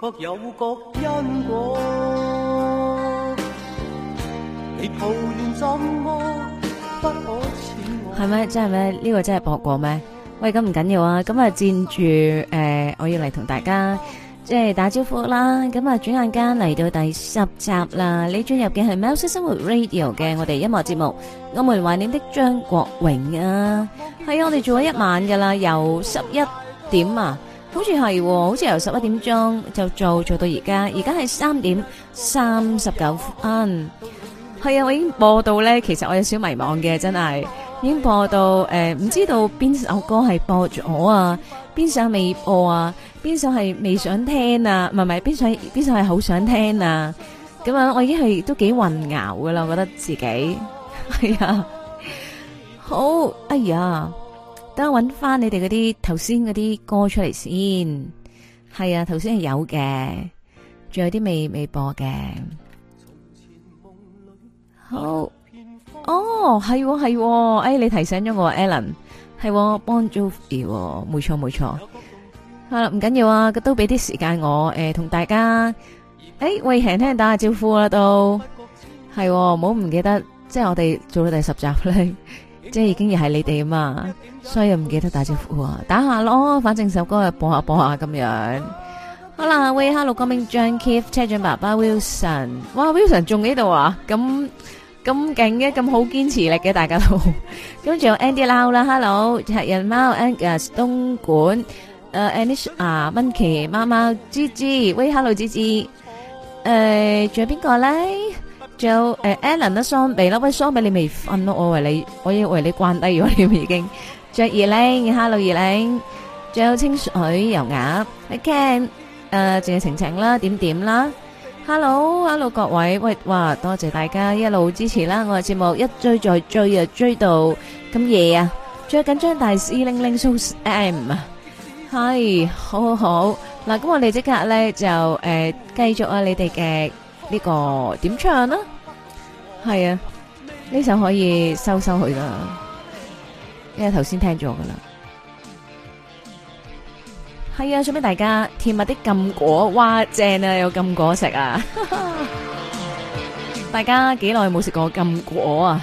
各有各因果，係咪？真係咩？呢個真係播過咩？喂，咁唔緊要啊！咁啊，趁住誒，我要嚟同大家即係打招呼啦！咁啊，轉眼間嚟到第十集啦！你進入嘅係《喵式生活 Radio》嘅我哋音樂節目，我們懷念的張國榮啊！係啊，我哋做咗一晚噶啦，由十一點啊。好似係，好似由十一點鐘就做做到而家，而家係三點三十九分。係、嗯、啊，我已經播到咧，其實我有少迷茫嘅，真係已經播到誒，唔、嗯、知道邊首歌係播住我啊，邊首未播啊，邊首係未想聽啊，唔係唔係，邊首邊首係好想聽啊，咁樣我已經係都幾混淆噶啦，我覺得自己係啊、哎，好，哎呀。等我揾翻你哋嗰啲頭先嗰啲歌出嚟先，係啊，頭先係有嘅，仲有啲未未播嘅。好，哦，係係，誒，你提醒咗我，Alan，係喎，Bon Jovi，冇錯冇錯。係啦，唔緊要啊，佢都俾啲時間我誒，同大家誒，喂，強聽打下招呼啦，都係，唔好唔記得，即係我哋做到第十集咧。即係已經亦係你哋啊嘛，所以唔記得打招呼啊，打下咯，反正首歌就播下播下咁樣。好啦，喂，hello，John Keith 車長爸爸 Wilson，哇，Wilson 仲喺度啊，咁咁勁嘅，咁好堅持力嘅，大家都。咁 仲有 Andy Lau 啦，Hello，黑人貓 Angus，東莞，誒、呃、，Anish 啊，Micky，貓貓，Gigi，喂，Hello，Gigi，誒，仲、呃、有邊個咧？仲有誒，Allen 啦，Sunny 啦，喂，Sunny 你未瞓咯，我為你，我以為你關低咗添已經。着葉玲，Hello 葉玲。仲有清水油鴨，I can，誒，仲有晴晴啦，點點啦。Hello，Hello 各位，喂，哇，多謝大家一路支持啦，我嘅節目一追再追啊，追到咁夜啊。最緊張大師，lingling so am，係，好好好。嗱，咁我哋即刻咧就誒，繼續啊你哋嘅。呢個點唱啦？係啊，呢首可以收收佢啦，因為頭先聽咗噶啦。係啊，送俾大家甜蜜的禁果，哇正啊，有禁果食啊！大家幾耐冇食過禁果啊？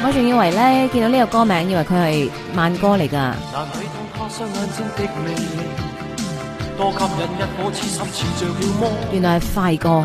我仲以為呢見到呢個歌名，以為佢係慢歌嚟㗎，原來係快歌。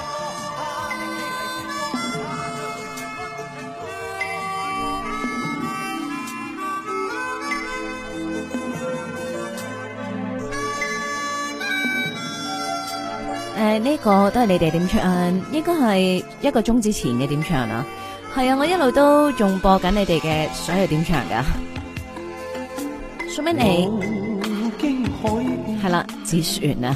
誒，呢、呃這個都係你哋點唱，應該係一個鐘之前嘅點唱啊。係、嗯、啊，我一路都仲播緊你哋嘅所有點唱噶。送畀你係啦，子璇啊。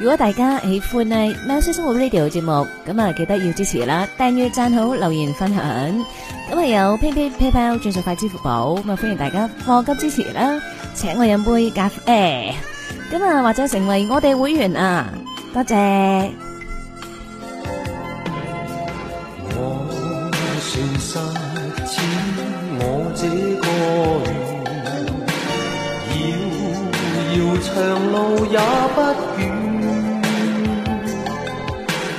如果大家喜歡呢喵式生活 radio 節目，咁啊記得要支持啦，訂閱、讚好、留言、分享，咁啊有 PayPay、PayPal 轉數快、支付寶，咁啊歡迎大家課金支持啦，請我飲杯咖啡，咁啊、欸、或者成為我哋會員啊，多謝。我算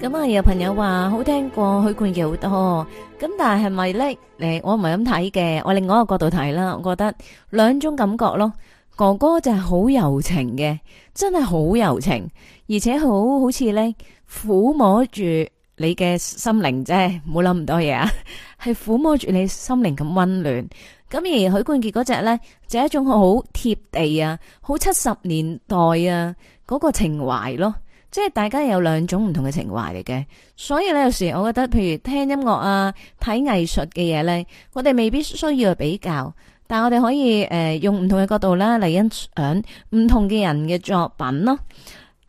咁啊，有朋友話好聽過許冠傑好多，咁但係係咪咧？誒，我唔係咁睇嘅，我另外一個角度睇啦，我覺得兩種感覺咯。哥哥就係好柔情嘅，真係好柔情，而且好好似咧撫摸住你嘅心靈啫，唔好諗咁多嘢啊，係撫摸住你心靈咁溫暖。咁而許冠傑嗰隻呢，就係、一種好貼地啊，好七十年代啊嗰個情懷咯，即係大家有兩種唔同嘅情懷嚟嘅，所以呢，有時我覺得，譬如聽音樂啊、睇藝術嘅嘢呢，我哋未必需要去比較，但係我哋可以誒、呃、用唔同嘅角度啦嚟欣賞唔同嘅人嘅作品咯。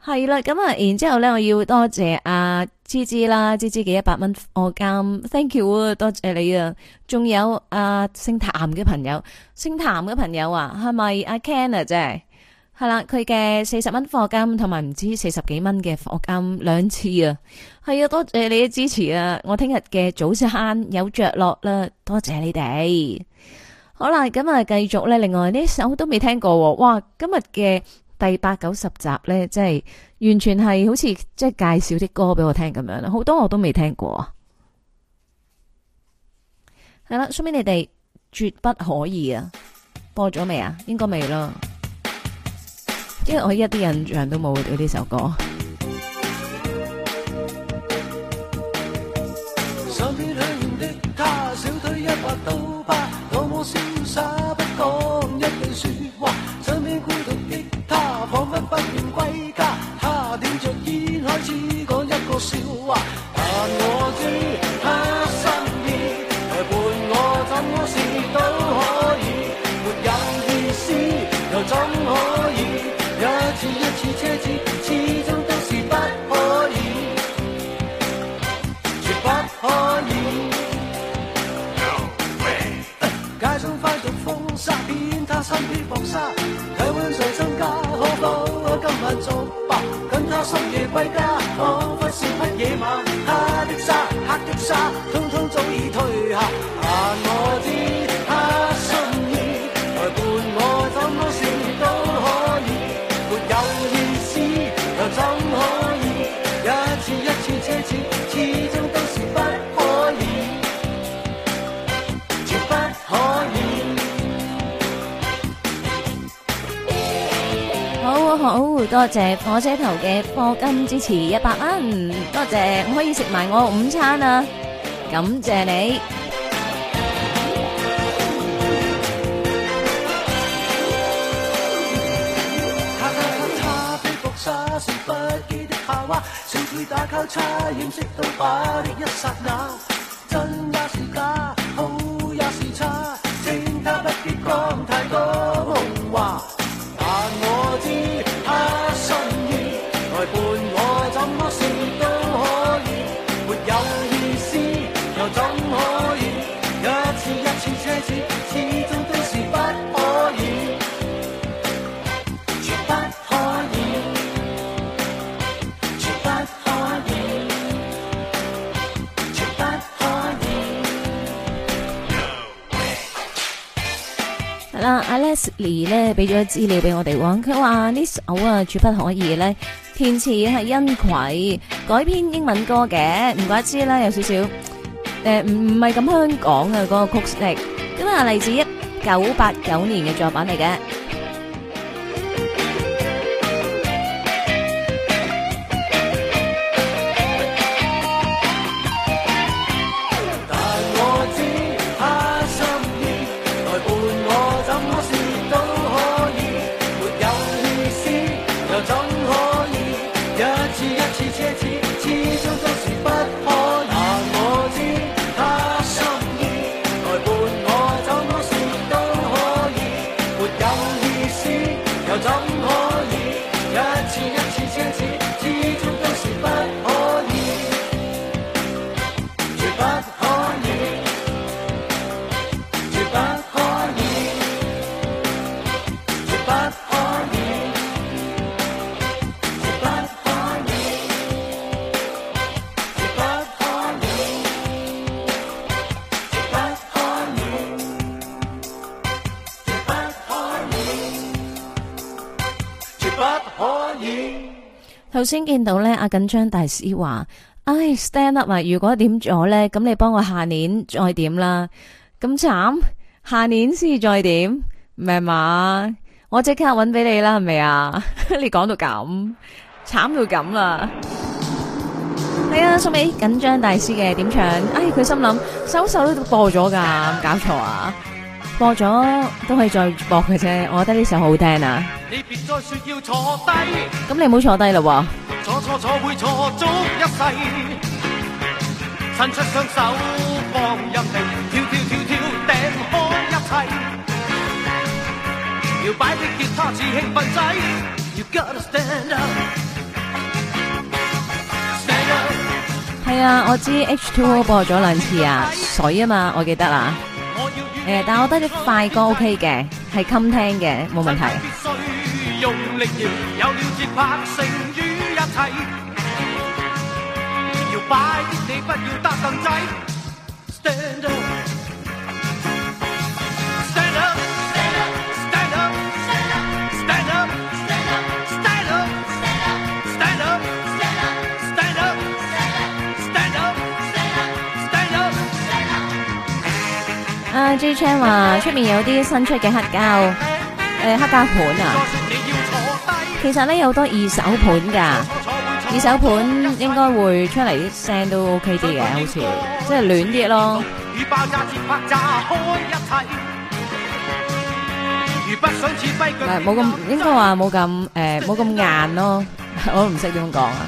係啦，咁啊，然之後咧，我要多謝阿芝芝啦，芝芝嘅一百蚊貨金，thank you，多謝你啊！仲有阿姓譚嘅朋友，姓譚嘅朋友啊，係咪阿 Ken 啊？真係！係啦，佢嘅四十蚊貨金，同埋唔知四十幾蚊嘅貨金兩次啊！係啊，多謝你嘅支持啊！我聽日嘅早餐有着落啦，多謝你哋。好啦，咁啊，繼續咧，另外呢首都未聽過，哇！今日嘅。第八九十集呢，即係完全係好似即係介紹啲歌俾我聽咁樣，好多我都未聽過啊。係啦，收尾你哋絕不可以啊！播咗未啊？應該未囉！因為我一啲印象都冇對呢首歌。多謝火車頭嘅課金支持一百蚊，多謝可以食埋我午餐啊！感謝你。咧俾咗資料俾我哋喎，佢話呢首啊，絕不可以咧，填詞係因葵改編英文歌嘅，唔怪之啦，有少少誒唔唔係咁香港嘅嗰個曲式，咁啊，嚟自一九八九年嘅作品嚟嘅。首先見到咧阿緊張大師話，唉，Stand Up 啊！如果點咗咧，咁你幫我下年再點啦，咁慘，下年先再點，明嘛？我即刻搵俾你啦，係咪啊？ 你講到咁慘到咁啦，係啊、 哎，送尾緊張大師嘅點唱，唉，佢心諗首首都播咗噶，唔搞錯啊？播咗都可以再播嘅啫，我覺得呢首好聽啊！咁你唔好坐低嘞，坐坐坐會坐足一世，伸出雙手放任地跳跳跳跳掟開一切，搖擺的吉他似興奮劑，You gotta stand up。係啊，我知 H2O 播咗兩次啊，水啊嘛，我記得啦。但係我覺得啲快歌 OK 嘅，係襟聽嘅，冇問題。 G Chan 話出面有啲新出嘅黑膠，誒，黑膠盤啊。其實咧有好多二手盤噶，二手盤應該會出嚟，啲聲都 OK 啲嘅，好似即係暖啲咯。冇咁，應該話冇咁，誒，冇咁硬咯。我都唔識點講啊。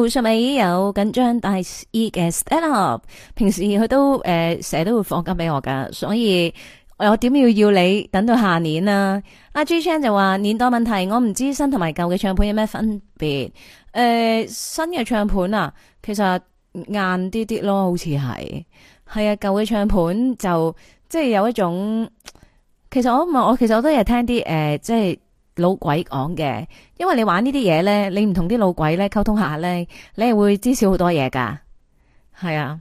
會咪有緊張，但係依嘅 set up，平時佢都誒成日都會放金俾我噶，所以我點要要你等到下年啊？阿、啊、G Chan 就話年代問題，我唔知新同埋舊嘅唱片有咩分別？誒、呃，新嘅唱片啊，其實硬啲啲咯，好似係。係啊，舊嘅唱片就即係有一種，其實我唔係，我，其實我都係聽啲誒、呃，即係。老鬼講嘅，因為你玩呢啲嘢咧，你唔同啲老鬼咧溝通下咧，你係會知少好多嘢噶。係啊，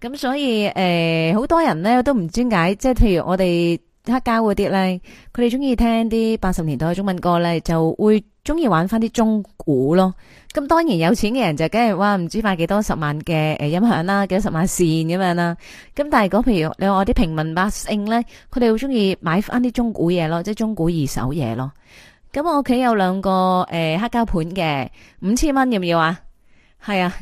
咁所以誒，好多人咧都唔知解，即係譬如我哋。黑膠嗰啲咧，佢哋中意聽啲八十年代嘅中文歌咧，就會中意玩翻啲中古咯。咁當然有錢嘅人就梗係話唔知買幾多十萬嘅誒音響啦，幾多十萬線咁樣啦。咁但係講譬如你話我啲平民百姓咧，佢哋會中意買翻啲中古嘢咯，即係中古二手嘢咯。咁我屋企有兩個誒黑膠盤嘅，五千蚊要唔要啊？ 係啊，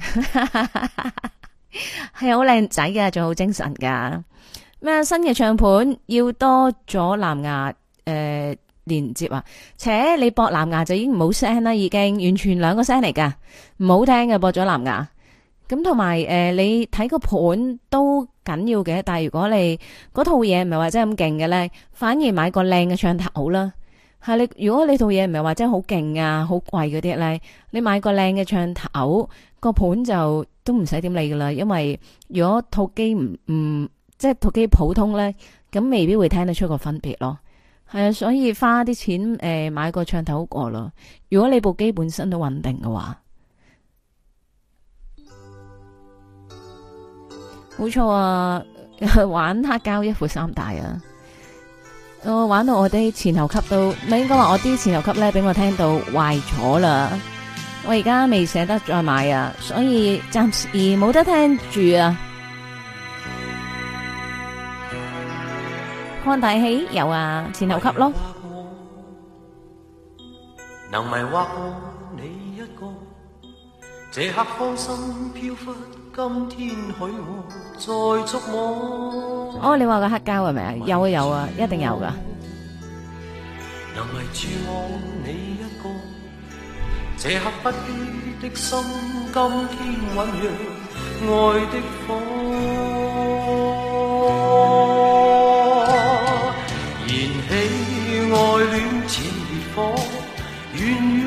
係好靚仔噶，仲好精神噶。咩新嘅唱盤要多咗藍牙誒、呃、連接啊？且你播藍牙就已經唔好聲啦，已經完全兩個聲嚟噶，唔好聽嘅播咗藍牙。咁同埋誒，你睇個盤都緊要嘅。但係如果你嗰套嘢唔係話真係咁勁嘅咧，反而買個靚嘅唱頭啦。係你如果你套嘢唔係話真係好勁啊、好貴嗰啲咧，你買個靚嘅唱頭，個盤就都唔使點理噶啦。因為如果套機唔唔。嗯即係套機普通咧，咁未必會聽得出個分別咯。係啊，所以花啲錢誒、呃、買個唱頭好過咯。如果你部機本身都穩定嘅話，冇錯啊！玩黑膠一副三大啊！我、哦、玩到我啲前後級都，你應該話我啲前後級咧俾我聽到壞咗啦。我而家未捨得再買啊，所以暫時冇得聽住啊。寬大喜有啊前後級咯。哦，你話個黑膠係咪啊？有啊有啊，一定有㗎。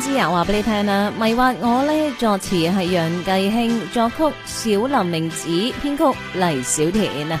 知有話俾你聽啊，迷惑我呢，作詞係楊繼興，作曲小林明子，編曲黎小田啊。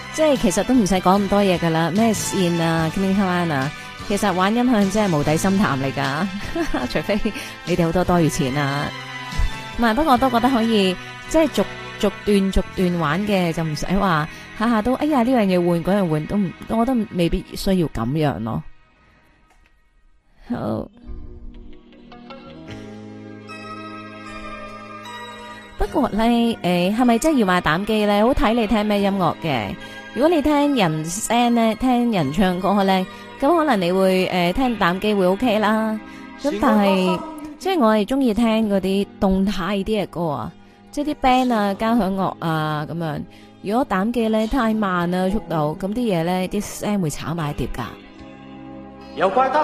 即係其實都唔使講咁多嘢噶啦，咩線啊，king khan 啊，其實玩音響真係無底深潭嚟噶，除非你哋好多多餘錢啊。咁啊，不過我都覺得可以，即係逐逐段逐段玩嘅，就唔使話下下都，哎呀呢樣嘢換嗰樣換，都唔，我都未必需要咁樣咯。好，不過咧，誒係咪真係要話膽機咧？好睇你聽咩音樂嘅。如果你聽人聲咧，聽人唱歌咧，咁可能你會誒、呃、聽膽機會 OK 啦。咁但係，即係我係中意聽嗰啲動態啲嘅歌啊，即係啲 band 啊、交響樂啊咁樣。如果膽機咧太慢啦速度，咁啲嘢咧啲聲會炒埋一碟噶。又怪得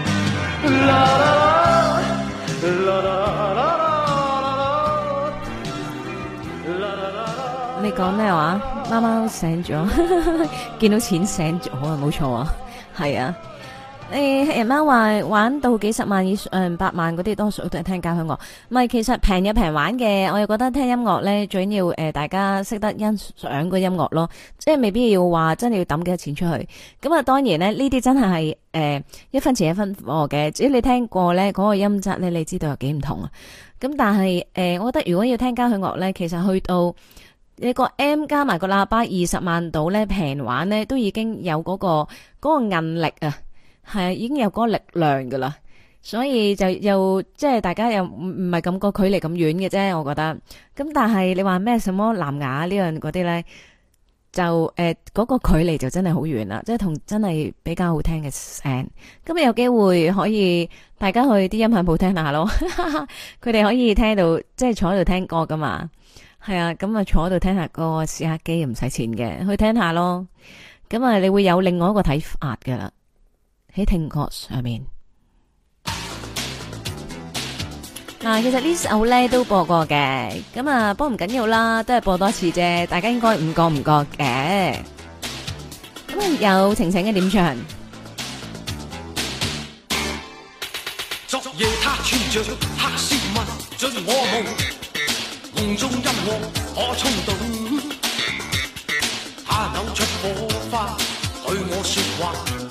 你講咩話？啱啱醒咗， 見到錢醒咗，好啊，冇錯啊，係啊。誒，阿媽話玩到幾十萬以上，百、嗯、萬嗰啲，多數都係聽交響樂。唔係，其實平有平玩嘅，我又覺得聽音樂咧，最緊要誒、呃，大家識得欣賞個音樂咯，即係未必要話真係要抌幾多錢出去。咁啊，當然咧，呢啲真係係誒，一分錢一分貨嘅。只要你聽過咧，嗰、那個音質咧，你知道有幾唔同啊。咁但係誒、呃，我覺得如果要聽交響樂咧，其實去到你個 M 加埋個喇叭二十萬度咧，平玩咧，都已經有嗰、那個嗰、那個硬力啊。係啊，已經有嗰個力量噶啦，所以就又即係大家又唔係咁個距離咁遠嘅啫。我覺得咁，但係你話咩？什麼藍牙呢樣嗰啲咧，就誒嗰個距離就真係好遠啦。即係同真係比較好聽嘅聲，咁啊有機會可以大家去啲音響鋪聽下咯。佢哋可以聽到即係坐喺度聽歌噶嘛，係啊。咁啊坐喺度聽下歌，試下機唔使錢嘅，去聽下咯。咁啊，你會有另外一個睇法噶啦。喺聽覺上面，嗱，其實呢首咧都播過嘅，咁啊播唔緊要啦，都係播多次啫，大家應該唔覺唔覺嘅。咁啊有晴晴嘅點唱，昨夜他穿着黑色襪進我夢，夢中音樂可衝動，他扭出火花對我說話。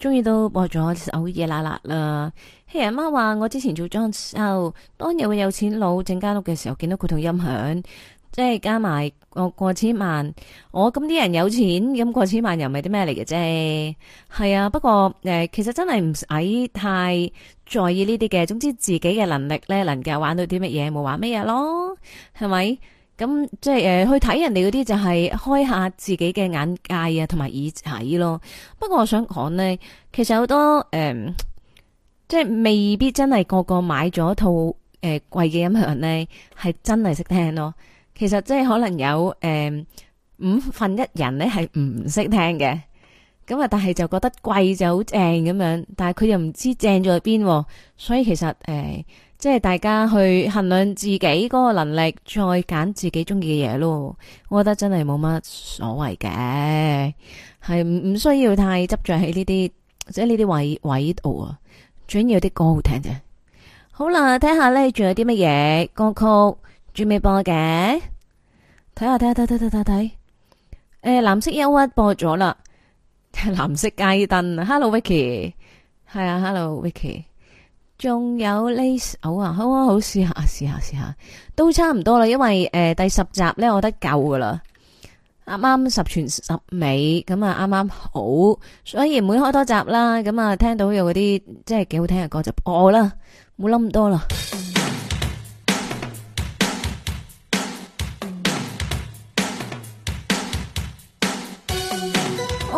中意都播咗首嘢喇喇啦！黑、hey, 人媽話：我之前做裝修，當有個有錢佬整間屋嘅時候，見到佢套音響，即係加埋我過，過千萬。我咁啲人有錢，咁過千萬又唔係啲咩嚟嘅啫？係啊，不過誒，其實真係唔使太在意呢啲嘅。總之自己嘅能力咧，能夠玩到啲乜嘢，冇玩乜嘢咯，係咪？咁即係誒、呃，去睇人哋嗰啲就係開下自己嘅眼界啊，同埋耳仔咯。不過我想講呢，其實好多誒、呃，即係未必真係個個買咗套誒貴嘅音響咧，係真係識聽咯。其實即係可能有誒、呃、五分一人咧係唔識聽嘅。咁啊，但係就覺得貴就好正咁樣，但係佢又唔知正咗喺邊，所以其實誒，呃即係大家去衡量自己嗰個能力，再揀自己中意嘅嘢咯。我覺得真係冇乜所謂嘅，係唔唔需要太執着喺呢啲即係呢啲位位度啊。主要啲歌好聽啫。好啦，睇下咧，仲有啲乜嘢歌曲仲未播嘅？睇下睇下睇睇睇睇睇。誒、呃，藍色憂鬱播咗啦。藍色街燈，Hello Vicky，係啊，Hello Vicky。仲有呢首啊，好啊，好，試下，試下，試下，都差唔多啦，因為誒、呃、第十集咧，我覺得夠噶啦，啱啱十全十美，咁啊啱啱好，所以唔會開多集啦，咁啊聽到有嗰啲即係幾好聽嘅歌就哦啦，冇諗咁多啦。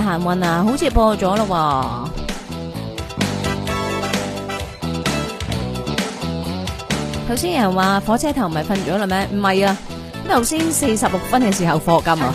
行運啊，好似破咗咯。頭先有人話火車頭唔係瞓咗啦咩？唔係啊，頭先四十六分嘅時候課金啊。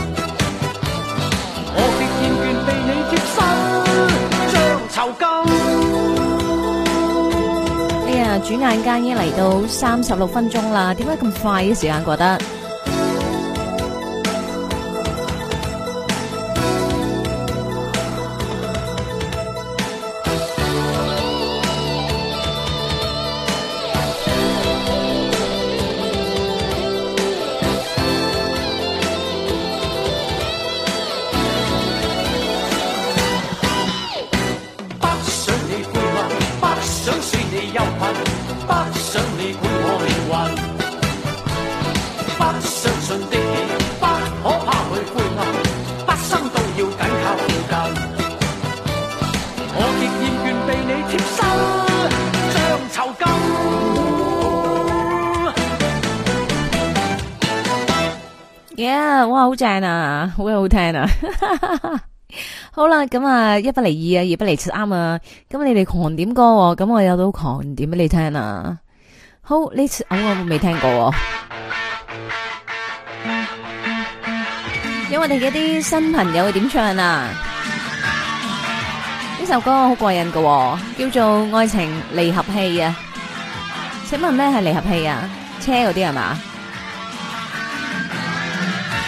哎呀，轉眼間已經嚟到三十六分鐘啦，點解咁快嘅時間過得？哇，好正啊，啊 好啊、哦、有好聽啊！好啦，咁啊，一不離二啊，二不離三啊。咁你哋狂點歌，咁我有都狂點俾你聽啊。好，呢次我未聽過、哦。 有我哋嘅啲新朋友會點唱啊？呢首歌好過癮噶、哦，叫做《愛情離合器》啊。請問咩係離合器啊？車嗰啲係嘛？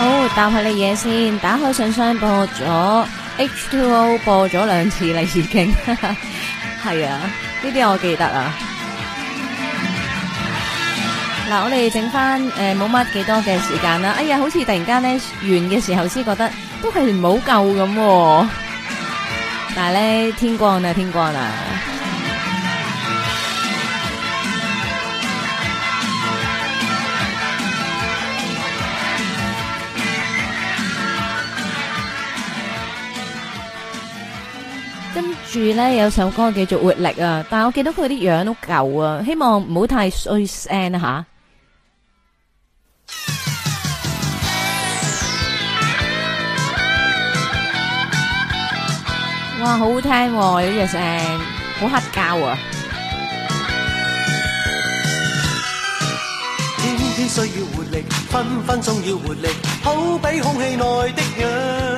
好，答下你嘢先。打開信箱播咗 H two O，播咗兩次啦已經，係啊，呢啲我記得啊。嗱，我哋整翻誒冇乜幾多嘅時間啦。哎呀，好似突然間咧完嘅時候先覺得都係唔好夠咁。但係咧天光啦，天光啦。住呢有首歌叫做活力啊，但係我見到佢啲樣都舊啊，希望唔好太衰聲啦吓。哇，好好聽喎，呢隻聲好黑膠啊！天天需要活力，分分鐘要活力，好比空氣內的氧。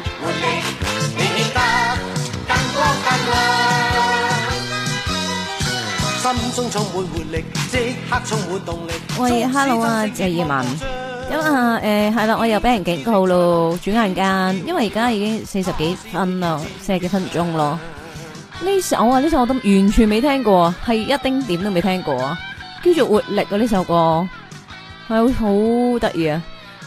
喂，hello 啊，謝爾文，咁啊，誒，係啦，我又俾人警告咯，轉眼間，因為而家已經四十幾分啦，四十幾分鐘咯。呢首啊，呢首我都完全未聽過，係一丁點都未聽過，叫做活力啊呢首歌，係好得意啊。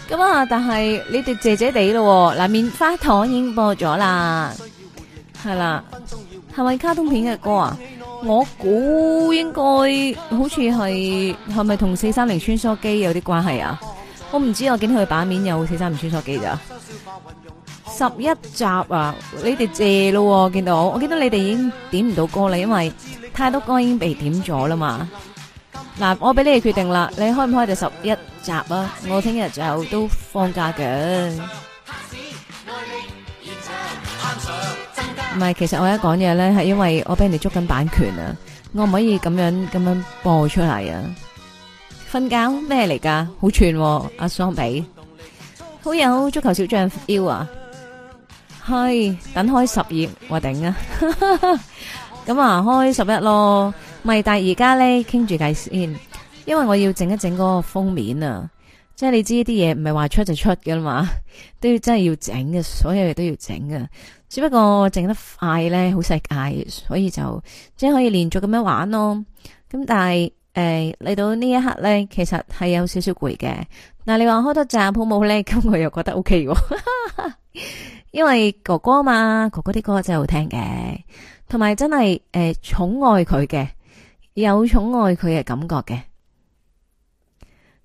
咁啊，但係你哋謝謝哋咯，嗱，棉花糖已經播咗啦，係啦，係咪卡通片嘅歌啊？我估應該好似係係咪同四三零穿梭機有啲關係啊？我唔知，我見到佢版面有四三零穿梭機咋？十一集啊！你哋借咯，見到我，我見到你哋已經點唔到歌啦，因為太多歌已經被點咗啦嘛。嗱，我俾你哋決定啦，你開唔開第十一集啊？我聽日就都放假嘅。唔係，其實我一講嘢咧，係因為我俾人哋捉緊版權啊！我唔可以咁樣咁樣播出嚟啊！瞓覺咩嚟噶？好串，阿桑比好有足球小將 feel 啊！係等開十頁，我頂啊！咁 啊，開十一咯。咪但係而家咧，傾住偈先，因為我要整一整嗰個封面啊！即係你知呢啲嘢唔係話出就出㗎啦嘛，都要真係要整嘅，所有嘢都要整嘅，只不過整得快咧好世界，所以就即係可以連續咁樣玩咯。咁但係誒嚟到呢一刻咧，其實係有少少攰嘅。但你話開多隻好冇咧，咁我又覺得 O、OK、K， 因為哥哥嘛，哥哥啲歌真係好聽嘅，同埋真係誒寵愛佢嘅，有寵愛佢嘅感覺嘅。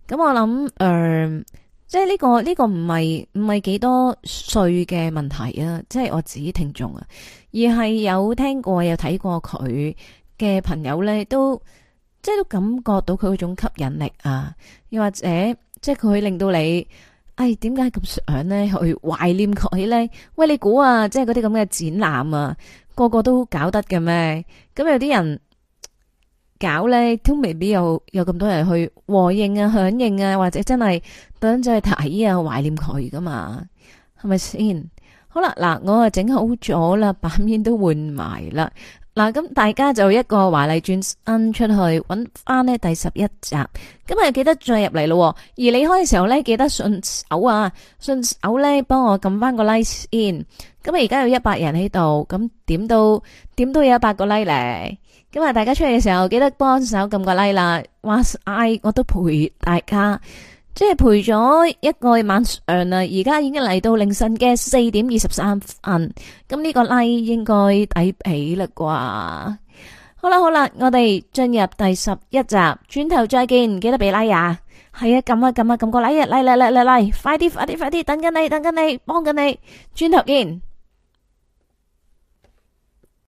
咁我諗，誒、嗯，即係、呢個、呢個呢、呢個唔係唔係幾多歲嘅問題啊，即係我自己聽眾啊，而係有聽過有睇過佢嘅朋友咧，都即係都感覺到佢嗰種吸引力啊，又或者即係佢令到你，唉、哎，點解咁想咧去懷念佢咧？喂，你估啊，即係嗰啲咁嘅展覽啊，個個都搞得嘅咩？咁有啲人。搞咧都未必有有咁多人去和應啊、響應啊，或者真係等咗去睇啊、懷念佢噶嘛？係咪先？好啦，嗱，我啊整好咗啦，版面都換埋啦。嗱，咁大家就一個華麗轉身出去，搵翻咧第十一集。今日記得再入嚟咯。而離開嘅時候咧，記得順手啊，順手咧幫我撳翻個 like 先。咁啊，而家有一百人喺度，咁點到點都有一百個 like 咧。今日大家出嚟嘅時候，記得幫手撳個 like 啦。哇！I 我都陪大家，即係陪咗一個晚上啦。而家已經嚟到凌晨嘅四點二十三分，咁呢個 like 應該抵起啦啩？好啦好啦，我哋進入第十一集，轉頭再見，記得俾 like 啊！係啊，撳啊撳啊撳個 like，嚟嚟嚟嚟，快啲快啲快啲，等緊你等緊你，幫緊你，轉頭見。